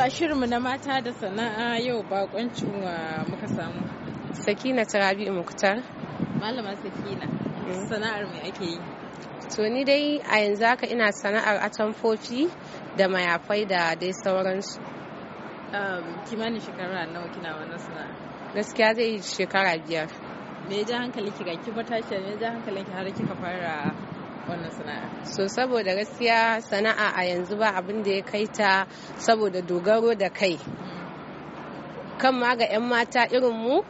a shirinmu na mata da sana'a yau bakoncin wa muka samu. Sakina ta Rabi'u Muktar. Malama Sakina, mm. sana'ar mai ake yi? To ni dai a yanzu haka ina sana'ar atamfofi da mayafai da dai sauransu. Um, kimanin shekara nawa kina wannan sana'a? Gaskiya zai yi shekara biyar. Me ya ja hankali ki ga ki matashi me ya ja hankali ki har kika fara wannan sana'a so saboda gaskiya sana'a a yanzu ba abin da ya kai ta saboda dogaro da kai kan ma ga 'yan mata irin mu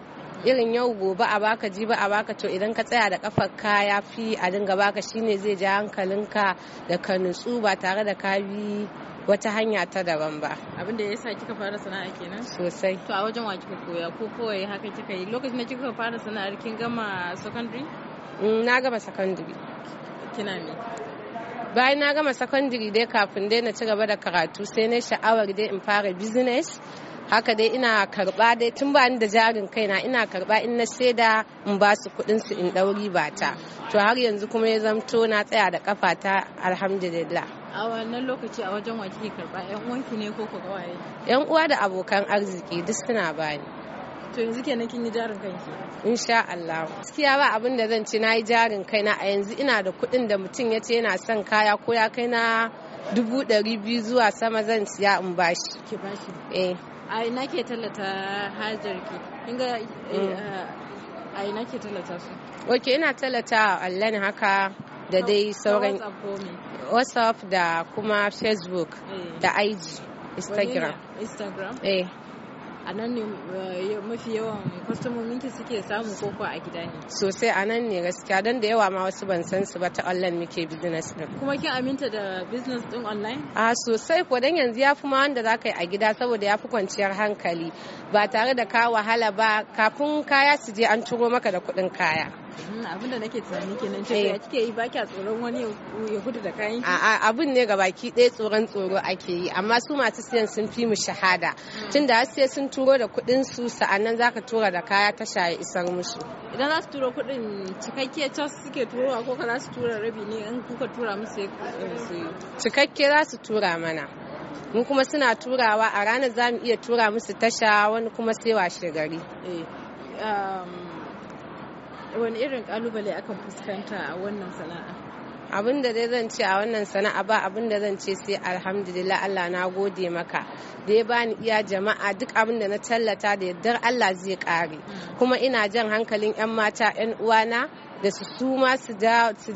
irin yau gobe a baka ji ba a baka to idan ka tsaya da kafar ka ya fi a dinga baka shine zai ja hankalinka da ka nutsu ba tare da ka bi wata hanya ta daban ba abin da yasa kika fara sana'a kenan sosai to a wajen wa kika koya ko kawai haka kika yi lokacin da kika fara sana'ar kin gama secondary mm, na gama secondary kina me bayan na gama secondary dai kafin dai na ci gaba da karatu sai na sha'awar dai in fara business haka dai ina karba dai tun ba da jarin kaina ina karba in na saida in ba su kudin su in dauri ba ta to har yanzu kuma ya zamto na tsaya da ta alhamdulillah a wannan lokaci a wajen wa kike karba yan uwanki ne ko ko gawaye yan uwa da abokan arziki duk suna bani To yanzu kenan kin yi jarin kanki? Insha Allah. Gaskiya ba abin da zan ci na yi jarin kaina a yanzu ina da kuɗin da mutum ya ce yana son kaya ko ya kai na dubu ɗari biyu zuwa sama zan siya in bashi. Ki bashi? Eh. A ina ke tallata hajar ki? Kin ga eh, mm. a ina ke tallata su? Ok ina tallata online haka da dai sauran WhatsApp da kuma Facebook eh. da IG. Instagram. Instagram? Eh. a nan ne eh, mafi yawan kwastomomin ki suke samu koko a gida ne sosai a nan ne gaskiya don da yawa ma wasu ban san su ba ta online muke business din kuma kin aminta da business din online a sosai ko dan yanzu yafi ma wanda zaka yi a gida saboda yafi kwanciyar hankali ba tare da ka wahala ba kafin kaya su je an turo maka da kuɗin kaya Mm, abinda nake tunani kenan ce eh. ya kike yi baki tsoron wani ya gudu da kayan a'a abin ne ga baki ɗaya tsoron tsoro ake yi amma su masu siyan sun fi mu shahada mm. Tun da sai sun turo da kuɗin su sa'annan zaka tura da kaya ta shaye isar musu idan za su turo kuɗin cikakke ta suke turowa ko ka za su tura rabi ne in kuka tura musu eh, ya cikakke za su tura mana mu kuma suna turawa a ranar za mu iya tura musu tasha wani kuma sai washe gari eh, um, wani irin kalubale akan fuskanta a wannan sana'a abin da dai zan ce a wannan sana'a ba abin da zan ce sai alhamdulillah Allah na gode maka da ya bani iya jama'a duk abin da na tallata da yaddar Allah zai kare mm. kuma ina jan hankalin 'yan mata 'yan uwana da su suma su dawo su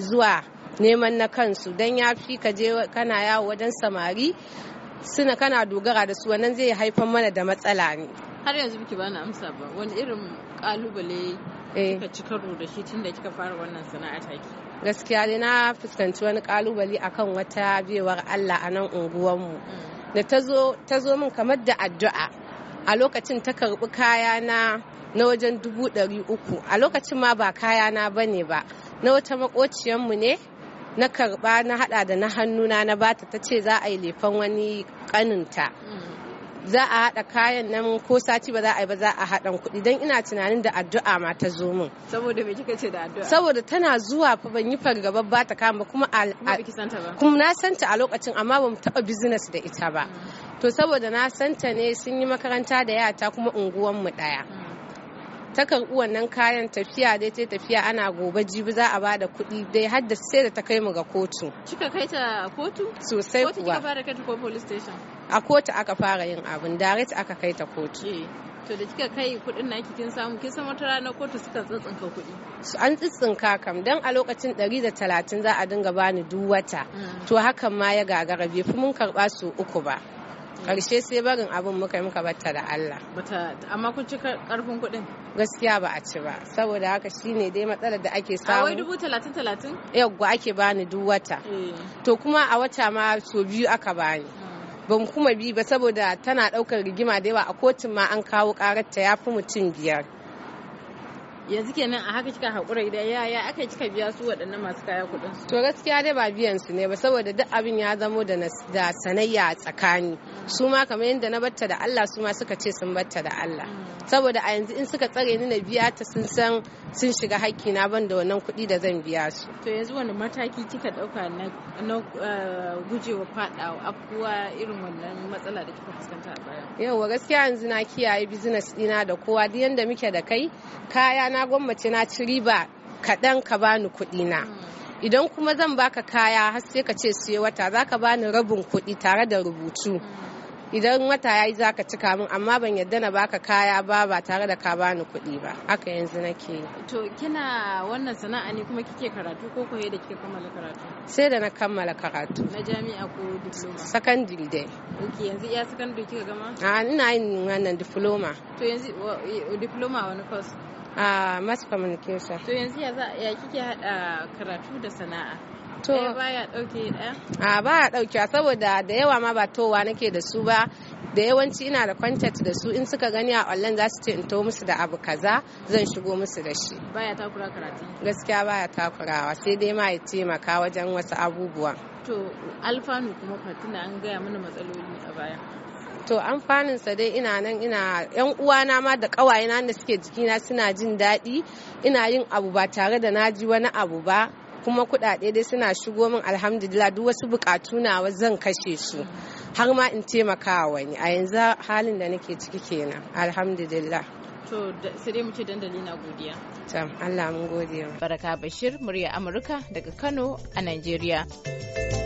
zuwa neman na kansu don ya fi ka je kana yawo wajen samari suna kana dogara da su wannan zai haifar mana da matsala ne har yanzu biki na amsa ba wani irin kalubale eh. kika ci karo da shi tun da kika fara wannan sana'a take gaskiya ne na fuskanci wani kalubale akan wata biyewar Allah a nan unguwarmu mm. da ta zo min kamar da addu'a a lokacin ta karbi kaya na na wajen dubu ɗari uku a lokacin ma ba kaya na bane ba na wata makociyarmu ne na karba na hada da na hannuna na bata ta ce za a yi lefan wani kaninta mm. za a haɗa kayan nan ko sati ba za a yi ba za a haɗan kuɗi don ina tunanin da addu'a ma ta zo min. Saboda me kika ce da addu'a? Saboda tana zuwa fa ban yi fargaba ba ta kama ba kuma kuma na santa a lokacin amma ban taɓa business da ita ba. To saboda na santa ne sun yi makaranta da yata kuma unguwan mu ɗaya. ta karɓi wannan kayan tafiya dai ta tafiya ana gobe jibi za a ba da kuɗi dai har da sai da ta kai mu ga kotu. Kika kai ta kotu? Sosai kuwa. Kotu kika fara kai ta ko police station? A kotu aka fara yin abin, direct aka kai ta kotu. Eh, to da kika kai kudin na kin samu kin san wata rana kotu suka tsitsinka kudi an tsitsinka kam dan a lokacin 130 za a dinga bani duk wata mm. to hakan ma ya gagara bai fi mun karba su uku ba karshe sai barin abin muka yi muka batta da Allah amma kun ci karfin kuɗin gaskiya ba a ci ba saboda haka shine dai matsalar da ake samu a wai dubu talatin talatin yawwa ake bani duk wata eh. to kuma a wata ma so biyu aka bani hmm. ban kuma bi ba saboda tana ɗaukar rigima da yawa a kotun ma an kawo ƙararta ya fi mutum biyar yanzu kenan a haka kika haƙura idan ya ya aka kika biya su waɗannan masu kaya kuɗin to gaskiya dai ba biyan su ne ba saboda duk abin ya zamo da da sanayya a tsakani su ma kamar yadda na batta da Allah su ma suka ce sun batta da Allah saboda a yanzu in suka tsare ni na biya ta sun san sun shiga hakki na ban da wannan kuɗi da zan biya su to yanzu wani mataki kika ɗauka na na eh, gujewa faɗawa afkuwa irin wannan matsala da kika fuskanta a baya yauwa gaskiya yanzu na kiyaye business ɗina da kowa duk yanda muke da kai kaya na gwammace na ci riba kaɗan ka bani kuɗina, na idan kuma zan baka kaya har sai ka ce siye wata za ka bani rabin kuɗi tare da rubutu idan wata ya yi za ka cika min amma ban yadda na baka kaya ba ba tare da ka bani kuɗi ba haka yanzu nake to kina wannan sana'a ne kuma kike karatu ko koye da kike kammala karatu sai da na kammala karatu na jami'a ko diploma secondary dai ok yanzu iya secondary kika gama a ah, ina yin wannan diploma to yanzu diploma wani course a mass communication to yanzu ya kike hada karatu da sana'a to eh, baya dauke daya a baya dauke saboda da yawa ma ba towa nake da su ba da yawanci ina da contact da su in suka gani a online za su ce in to musu da abu kaza zan shigo musu da shi baya takura karatu gaskiya baya takurawa sai dai ma ya taimaka wajen wasu abubuwa to alfanu kuma fatina an gaya mana matsaloli a baya to amfanin sa dai ina nan ina yan uwana ma da ƙawayena da suke jikina suna jin daɗi ina yin abu ba tare da na ji wani abu ba kuma kuɗaɗe dai suna shigo min alhamdulillah duk wasu buƙatu nawa zan kashe su har ma in taimaka wani a yanzu halin da nake ciki kenan alhamdulillah to sai dai mu ce dandali na godiya tam Allah mun gode baraka bashir murya amurka daga Kano a Najeriya